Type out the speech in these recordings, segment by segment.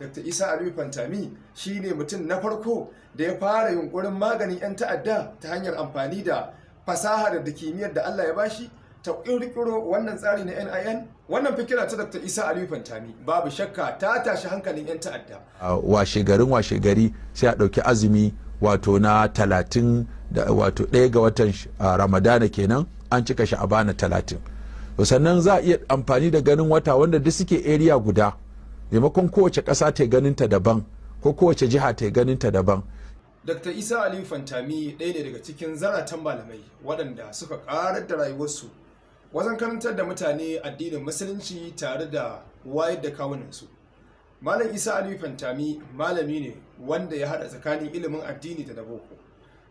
dr isa aliyu fantami shi ne mutum na farko da ya fara yunkurin maganin 'yan ta'adda ta hanyar amfani da fasaha da kimiyyar da allah ya bashi ta ƙirƙiro wannan tsari na nin wannan fikira ta dr isa aliyu fantami babu shakka ta tashi hankalin 'yan ta'adda washe garin washe gari sai a ɗauki azumi wato na talatin da wato ɗaya ga watan ramadana kenan an cika bana talatin sannan za a iya amfani da ganin wata wanda duk suke area guda maimakon kowace ƙasa ta ganin ta daban ko kowace jiha ta ganin ta daban dr isa aliyu fantami ɗaya ne daga cikin zaratan malamai waɗanda suka ƙarar da rayuwarsu wajen karantar da mutane addinin musulunci tare da wayar da kawunansu malam isa aliyu fantami malami ne wanda ya haɗa tsakanin ilimin addini da na boko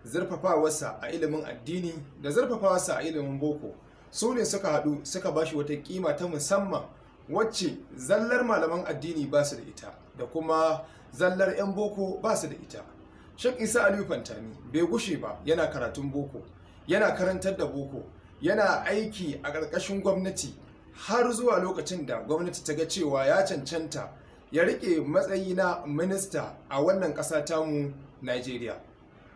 zurfafawarsa a ilimin addini da zurfafawarsa a ilimin boko su ne suka haɗu suka bashi wata kima ta musamman wacce zallar malaman addini ba su da ita da kuma zallar 'yan boko ba su da ita shan isa aliyu fantani bai gushe ba yana karatun boko yana karantar da boko yana aiki a ƙarƙashin gwamnati har zuwa lokacin da gwamnati ta ga cewa ya cancanta ya rike matsayi na minista a wannan ƙasa tamu nigeria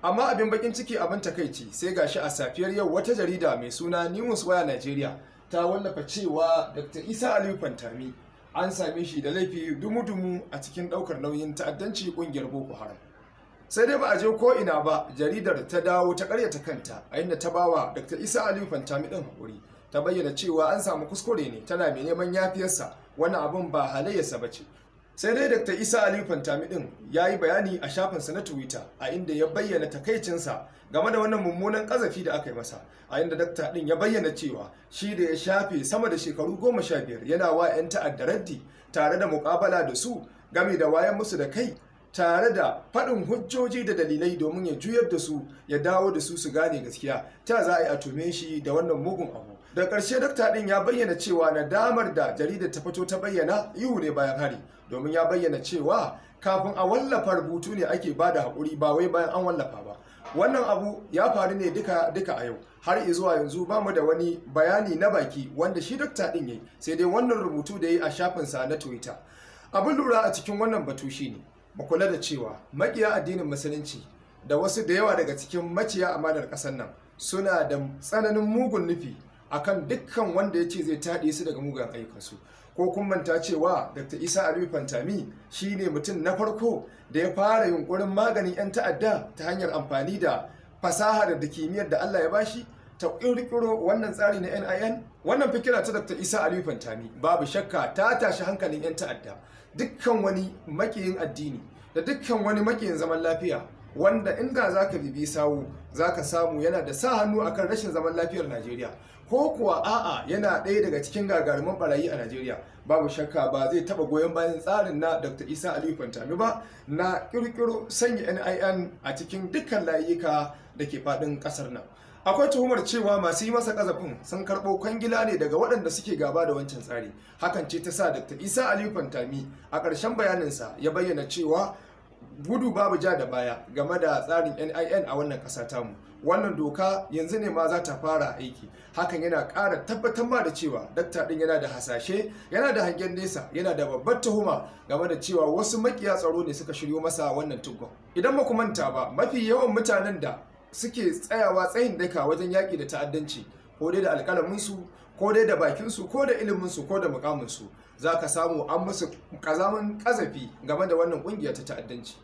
Amma abin bakin ciki abin takaici sai gashi a safiyar yau wata jarida mai suna News Wire Nigeria ta wallafa cewa dr isa aliyu fantami an same shi da laifi dumu-dumu a cikin daukar nauyin ta'addanci kungiyar boko haram sai dai ba a je ko ina ba jaridar ta dawo ta karyata kanta a inda ta bawa dr isa aliyu fantami din hakuri ta bayyana cewa an samu kuskure ne tana mai neman yafiyarsa wani abin ba halayyarsa ba ce sai dai dr isa ali fantami din ya yi bayani a shafinsa na twitter a inda ya bayyana takaicinsa game da wannan mummunan kazafi da aka yi masa a inda dr din ya bayyana cewa shi da ya shafe sama da shekaru goma sha biyar yana wa 'yan ta'addar raddi tare da mukabala da su game da wayan musu da kai tare da faɗin hujjoji da dalilai domin ya juyar da su ya dawo da su su gane gaskiya ta za a yi a tume shi da wannan mugun abu da ƙarshe dakta ɗin ya bayyana cewa nadamar da jaridar ta fito ta bayyana ihu ne bayan hari domin ya bayyana cewa kafin a wallafa rubutu ne ake ba da haƙuri ba wai bayan an wallafa ba wannan abu ya faru ne duka duka a yau har zuwa yanzu ba mu da wani bayani na baki wanda shi dakta din yayi sai dai wannan rubutu da yi a shafinsa na twitter abin lura a cikin wannan batu shine mu kula da cewa makiya addinin musulunci da wasu da yawa daga cikin maciya amanar ƙasar nan suna da tsananin mugun nufi akan dukkan wanda ya ce zai taɗe su daga mugan ayyukansu ko kun manta cewa dr isa aliyu fantami shine mutum na farko da ya fara yunkurin maganin 'yan ta'adda ta hanyar amfani da fasaha da kimiyyar da allah ya bashi ta ƙirƙiro wannan tsari na nin wannan fikira ta dr isa aliyu fantami babu shakka ta tashi hankalin 'yan ta'adda dukkan wani makiyin addini da dukkan wani makiyin zaman lafiya wanda inda za ka bibi sawu za ka samu yana da sa hannu akan rashin zaman lafiyar najeriya ko kuwa a'a yana ɗaya daga cikin gagarumin barayi a Najeriya babu shakka ba zai taba goyon bayan tsarin na Dr. Isa Aliyu Fantami ba na kirkiro sanya NIN a cikin dukkan layuka da ke faɗin ƙasar nan. akwai tuhumar cewa masu yi masa ƙazafin sun karɓo kwangila ne daga waɗanda suke gaba da wancan tsari hakan ce ta sa dr isa aliyu fantami a ƙarshen bayaninsa ya bayyana cewa gudu babu ja da baya game da tsarin NIN a wannan ƙasa tamu wannan doka yanzu ne ma za ta fara aiki hakan yana kara tabbatar ma da cewa dakta ɗin yana da hasashe yana da hangen nesa yana da babbar tuhuma game da cewa wasu makiya tsaro ne suka shiryo masa wannan tukun idan ba ku manta ba mafi yawan mutanen da suke tsayawa tsayin daka wajen yaƙi da ta'addanci ko dai da su ko dai da bakinsu ko da iliminsu ko da mukaminsu za ka samu an musu kazamin kazafi game da wannan kungiya ta ta'addanci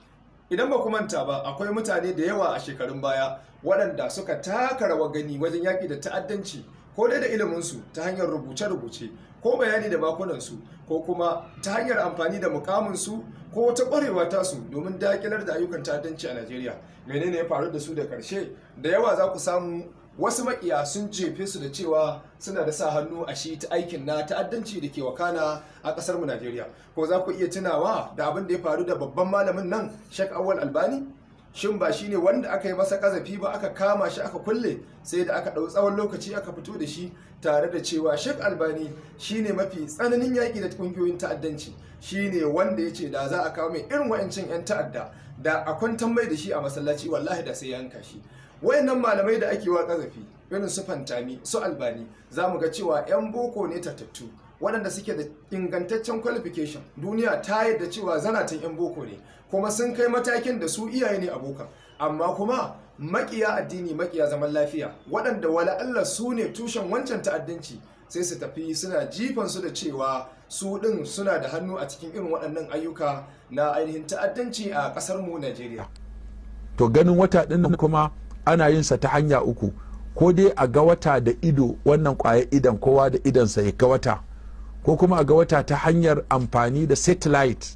idan ba ku manta ba akwai mutane da yawa a shekarun baya waɗanda suka taka rawa gani wajen yaƙi da ta'addanci ko dai da iliminsu ta hanyar rubuce-rubuce ko bayani da su ko kuma ta hanyar amfani da mukaminsu ko ta ƙwarewa su domin daƙilar da ayyukan ta'addanci a najeriya menene ya faru da su da ƙarshe da yawa za ku samu wasu makiya sun jefe su da cewa suna da sa hannu a shi ta aikin na ta'addanci da ke wakana a kasar mu Najeriya ko za ku iya tunawa da abin da ya faru da babban malamin nan Sheikh Awal Albani shin ba shine wanda aka yi masa kazafi ba aka kama shi aka kulle sai da aka ɗau tsawon lokaci aka fito da shi tare da cewa Sheikh Albani shine mafi tsananin yaki da kungiyoyin ta'addanci shine wanda ya ce da za a kawo mai irin wa'ancin 'yan ta'adda da a kwantan mai da shi a masallaci wallahi da sai yanka shi wayannan malamai da ake wa kazafi irin su fantami su albani za mu ga cewa 'yan boko ne tatattu waɗanda suke da ingantaccen qualification duniya ta yadda cewa zanatan 'yan boko ne kuma sun kai matakin da su iyaye ne abokan amma kuma makiya addini makiya zaman lafiya waɗanda wala Allah su ne tushen wancan ta'addanci sai su tafi suna jifan su da cewa su ɗin suna da hannu a cikin irin waɗannan ayyuka na ainihin ta'addanci a ƙasar mu Najeriya to ganin wata ɗin kuma ana yin sa ta hanya uku ko dai a ga wata da ido wannan kwaya idan kowa da idansa ya ga wata ko kuma a ga wata ta hanyar amfani da satellite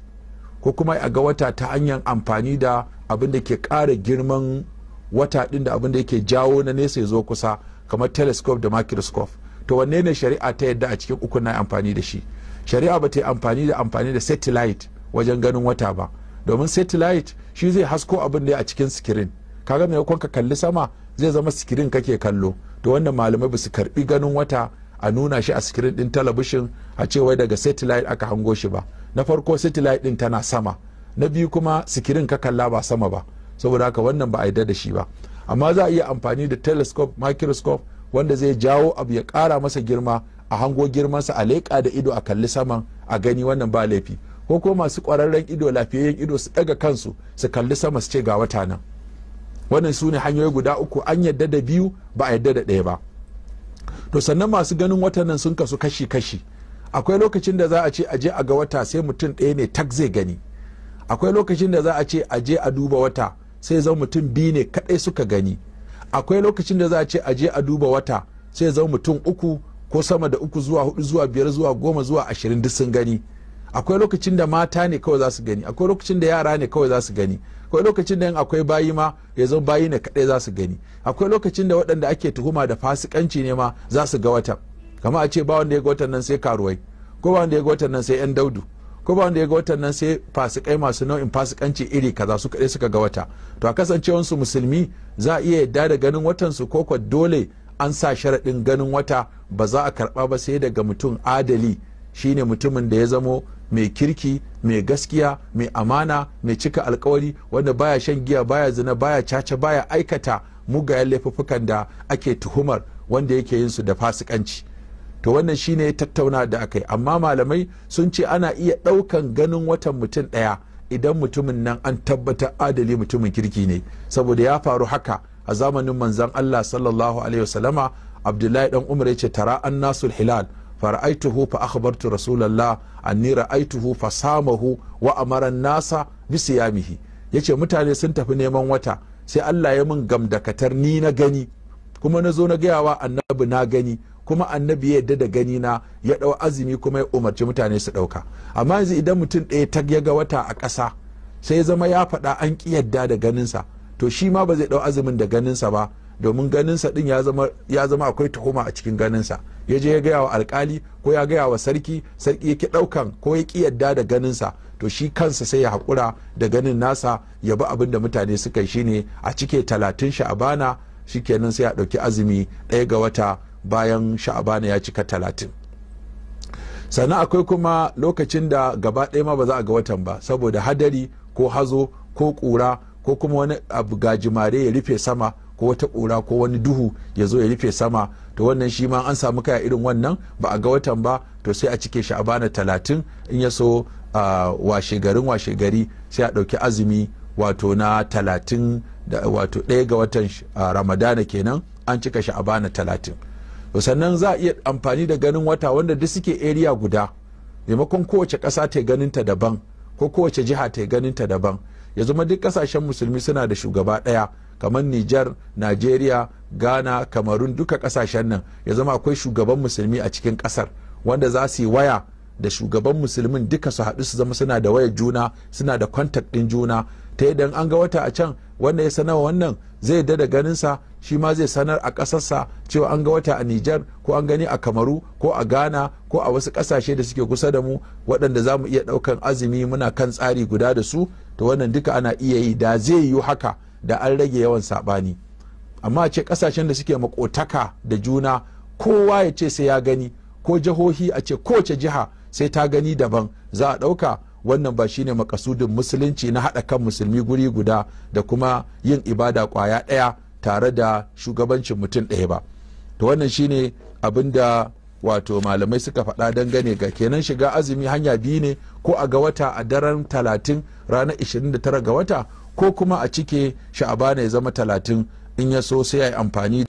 ko kuma a ga wata ta hanyar amfani da abin da ke ƙara girman wata ɗin da abin da yake jawo na nesa ya zo kusa kamar telescope da microscope to wanne ne shari'a ta yadda a cikin uku na amfani da shi shari'a ba ta yi amfani da amfani da satellite wajen ganin wata ba domin satellite shi zai hasko abin da a cikin sikirin kaga mai ka kalli sama zai zama sikirin kake kallo to wannan malamai ba su karbi ganin wata a nuna shi a sikirin din talabishin a cewa daga satellite aka hango shi ba na farko satellite din tana sama na biyu kuma sikirin ka kalla ba sama ba saboda haka wannan ba a yarda da shi ba amma za a iya amfani da telescope microscope wanda zai jawo abu ya kara masa girma a hango girmansa a leƙa da ido a kalli saman a gani wannan ba laifi ko ko masu ƙwararren ido lafiyayyen ido su ɗaga kansu su kalli sama su ce ga wata nan wannan su ne hanyoyi guda uku an yadda da biyu ba a yadda da ɗaya ba to sannan masu ganin watannan sun kasu kashi kashi akwai lokacin da za a ce a je a ga wata sai mutum ɗaya ne tak zai gani akwai lokacin da za a ce a je a duba wata sai zan mutum biyu ne kaɗai suka gani akwai lokacin da za a ce a je a duba wata sai zan mutum uku ko sama da uku zuwa hudu zuwa biyar zuwa goma zuwa ashirin duk sun gani akwai lokacin da mata ne kawai za su gani akwai lokacin da yara ne kawai za su gani akwai lokacin da akwai bayi ma ya zama bayi ne kaɗai za su gani akwai lokacin da waɗanda ake tuhuma da fasikanci ne ma za su ga wata kama a ce ba wanda ya ga watan nan sai karuwai ko ba wanda ya ga watan nan sai yan daudu ko ba wanda ya ga watan nan sai fasikai masu nau'in fasikanci iri kaza su kaɗai suka ga wata to a kasancewansu musulmi za a iya yadda da ganin watan su ko dole an sa sharaɗin ganin wata ba za a karɓa ba sai daga mutum adali shine mutumin da ya zamo mai kirki mai gaskiya mai amana mai cika alkawari wanda baya shan giya baya zina baya caca baya aikata mugayen laifuffukan da ake tuhumar wanda yake yin su da fasikanci to wannan shine tattauna da akai amma malamai sun ce ana iya ɗaukan ganin watan mutum daya. idan mutumin nan an tabbatar adali mutumin kirki ne saboda ya faru haka a zamanin manzon Allah sallallahu alaihi wasallama Abdullahi dan Umar ya ce tara an hilal fara'aituhu fa akhbartu rasulullah anni ra'aituhu fa samahu wa amara nasa bi siyamihi yace mutane sun tafi neman wata sai Allah ya mun min gamdakatar ni na gani kuma na na gaya wa annabi na gani kuma annabi ya yadda da gani na ya dau azumi kuma ya umarci mutane su dauka amma yanzu idan mutum ɗaya ta ya ga wata a ƙasa sai ya zama ya faɗa an ƙi yadda da ganinsa to shima ba zai dau azumin da ganinsa ba domin ganinsa din ya zama akwai tuhuma a cikin ganinsa ya je ya gaya wa alkali ko ya gaya wa sarki sarki yake daukan ko ya ki yadda da ganinsa to shi kansa sai ya haƙura da ganin nasa ya bi abin da mutane suka yi shine a cike talatin sha'abana shikenan sai a ɗauki azumi ɗaya ga wata bayan sha'abana ya cika talatin sannan akwai kuma lokacin da gaba ɗaya ma ba za a ga watan ba saboda hadari ko hazo ko ƙura ko kuma wani abu gajimare ya rufe sama ko wata ƙura ko wani duhu ya zo ya rufe sama to wannan shi ma an samu kaya irin wannan ba a ga watan ba to sai a cike shi a bana talatin in ya so washe garin washe gari sai a ɗauki azumi wato na talatin da wato ɗaya ga watan ramadana kenan an cika shi a bana talatin to sannan za a iya amfani da ganin wata wanda duk suke area guda maimakon kowace ƙasa ta ganin ta daban ko kowace jiha ta ganin ta daban ya zama duk ƙasashen musulmi suna da shugaba ɗaya kamar nijar najeriya ghana kamarun duka kasashen nan ya zama akwai shugaban musulmi a cikin kasar wanda za su yi waya da shugaban musulmin duka su haɗu su zama suna da wayar juna suna da kwantak ɗin juna ta idan an ga wata a can wanda ya sanarwa wannan zai dada ganin sa shi ma zai sanar a ƙasarsa cewa an ga wata a Nijar ko an gani a Kamaru ko a Ghana ko a wasu ƙasashe da suke kusa da mu waɗanda za mu iya ɗaukan azumi muna kan tsari guda da su to wannan duka ana iya yi da zai yi haka da an rage yawan saɓani amma a ce kasashen da suke makotaka da juna kowa ya ce sai ya gani ko jihohi a ce kowace jiha sai ta gani daban za a ɗauka wannan ba shine makasudin musulunci na haɗa kan musulmi guri guda da kuma yin ibada kwaya ɗaya tare da shugabancin mutum ɗaya ba to wannan shine abin da wato malamai suka faɗa dangane ga kenan shiga azumi hanya biyu ne ko a ga wata a daren talatin ranar 29 ga wata ko kuma a cike sha'abana ya zama talatin in ya so sai ya yi amfani